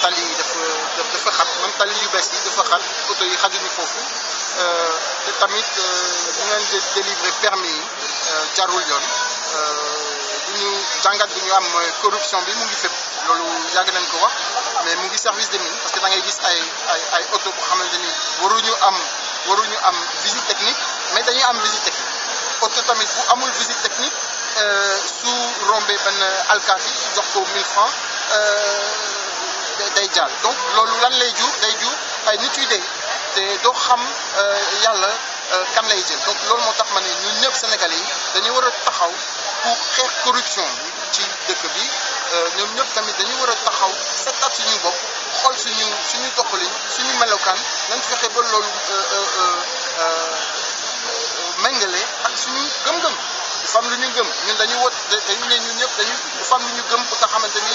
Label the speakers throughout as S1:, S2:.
S1: tali yi dafa dafa xat même tali yu bees yi dafa xat oto yi xajuñu foofu euh, te tamit euh, ñu leen di délivrer permis yi euh, jarul yoon bu ñu jàngat bi ñu am mooy corruption bi mu ngi fépp loolu yàgg nañ ko wax mais mu ngi service de mines parce que da ngay gis ay ay ay oto boo xamante ni waruñu am waruñu am visite technique mais dañuy am visite technique oto tamit bu amul visite technique su rombe benn alkaati su jox ko 1000 francs day jàll donc loolu lan lay jur day jur ay nit yu dee te doo xam euh, yàlla euh, kan lay jël donc loolu moo tax ma ne ñun ñëpp Sénégalais yi dañuy war a taxaw pour xeex corruption bi ci dëkk bi euh, ñoom ñëpp tamit dañuy war a taxaw seetaat suñu bopp xool suñu suñu doxalin suñu melokaan nañ fexe ba loolu méngale ak suñu gëm-gëm dafa am lu ñu gëm ñun dañuy wot dañu ne ñun ñëpp dañu dafa am lu ñu gëm bu nga xamante ni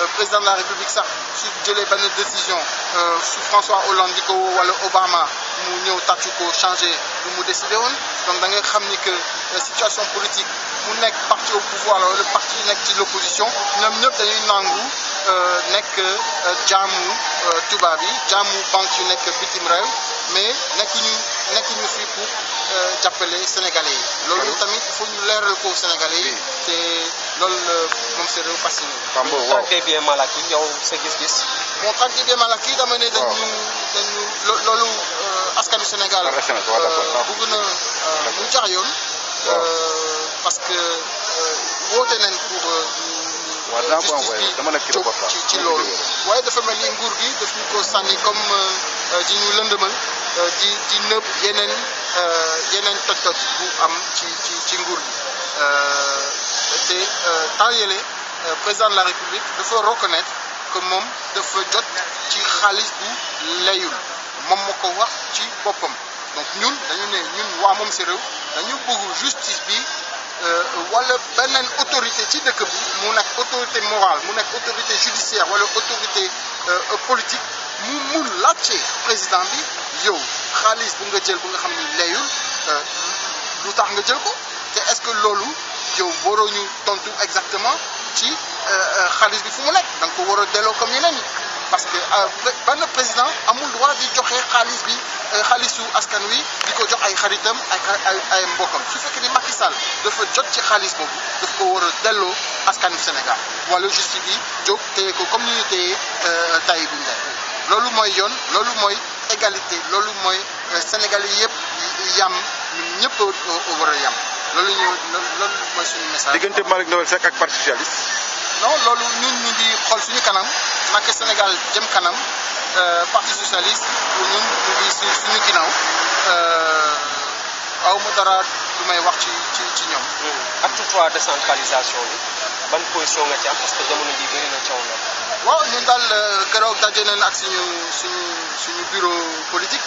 S1: Euh, président de la république sax su jëlee benn décision euh, sous François Hollande ou ko Obama nous avons tàccu changer changé nous mu décidé woon donc da euh, situation politique nous sommes parti au pouvoir le parti nekk ci l'opposition ñoom ñëpp dañuy nangu nekk jaamu tubaab yi jaamu banque yu nekk bitim mais nekk ñu nous ñu fii pour jàppale sénégalais l'autre tamit il faut ñu leeral ko sénégalais c'est loolu euh, moom c'est fasciné. Pambo waaw traité bien Malaki yow sa dama ne dañu dañu loolu euh, askanu Sénégal. Euh, bëgg na mu yoon. parce que woote nañ pour. waaw dinaa ko dama nekk ci ci loolu. waaye dafa mel ni nguur gi daf ñu ko sànni comme di ñu lëndëmal di di nëb yeneen yeneen toj bu am ci ci nguur gi. te euh, Tanyele euh, président de la république faut reconnaître que moom dafa jot ci xaalis bu layul moom moo ko wax ci bopam donc ñun dañu né ñun wa moom ci rew dañu bëgg justice bi euh, wala benen autorité ci dëkk bi mu nak autorité morale mu nak autorité judiciaire wala autorité politique mu mu laccé président bi yow xaalis bu nga jël bu nga xamni ni layul lu tax nga jël ko te est-ce que lolu yow waroo ñu tontu exactement ci euh, euh, xaalis bi fu mu nekk da nga ko comme yeneen parce que euh, benn président amul droit di joxe xaalis bi xaalisu askan wi di ko jox ay xaritam ay ay ay mbokkam su fekkee Macky Sall dafa jot ci xaalis Bobu, daf ko war a Sénégal Voilà justice bi jóg téye ko comme ni ñu téye Tahibou Ndiaye loolu mooy yoon égalité loolu moy Sénégalais yam ñun ñëpp war yam. loolu ñu loolu mooy suñu message. diggante Malick Noël Seck ak parti socialiste. non loolu ñun ñu di xool suñu kanam naka Sénégal jëm kanam euh, parti socialiste ñun ñu si suñu ginnaaw euh, aw ma dara lu may wax ci ci ci ñoom. Mm. acte trois décentralisation bi ban position nga ci am parce que jamono ji bëri na a na. waaw ñun daal euh, keroog daje nañ ak suñu bureau politique.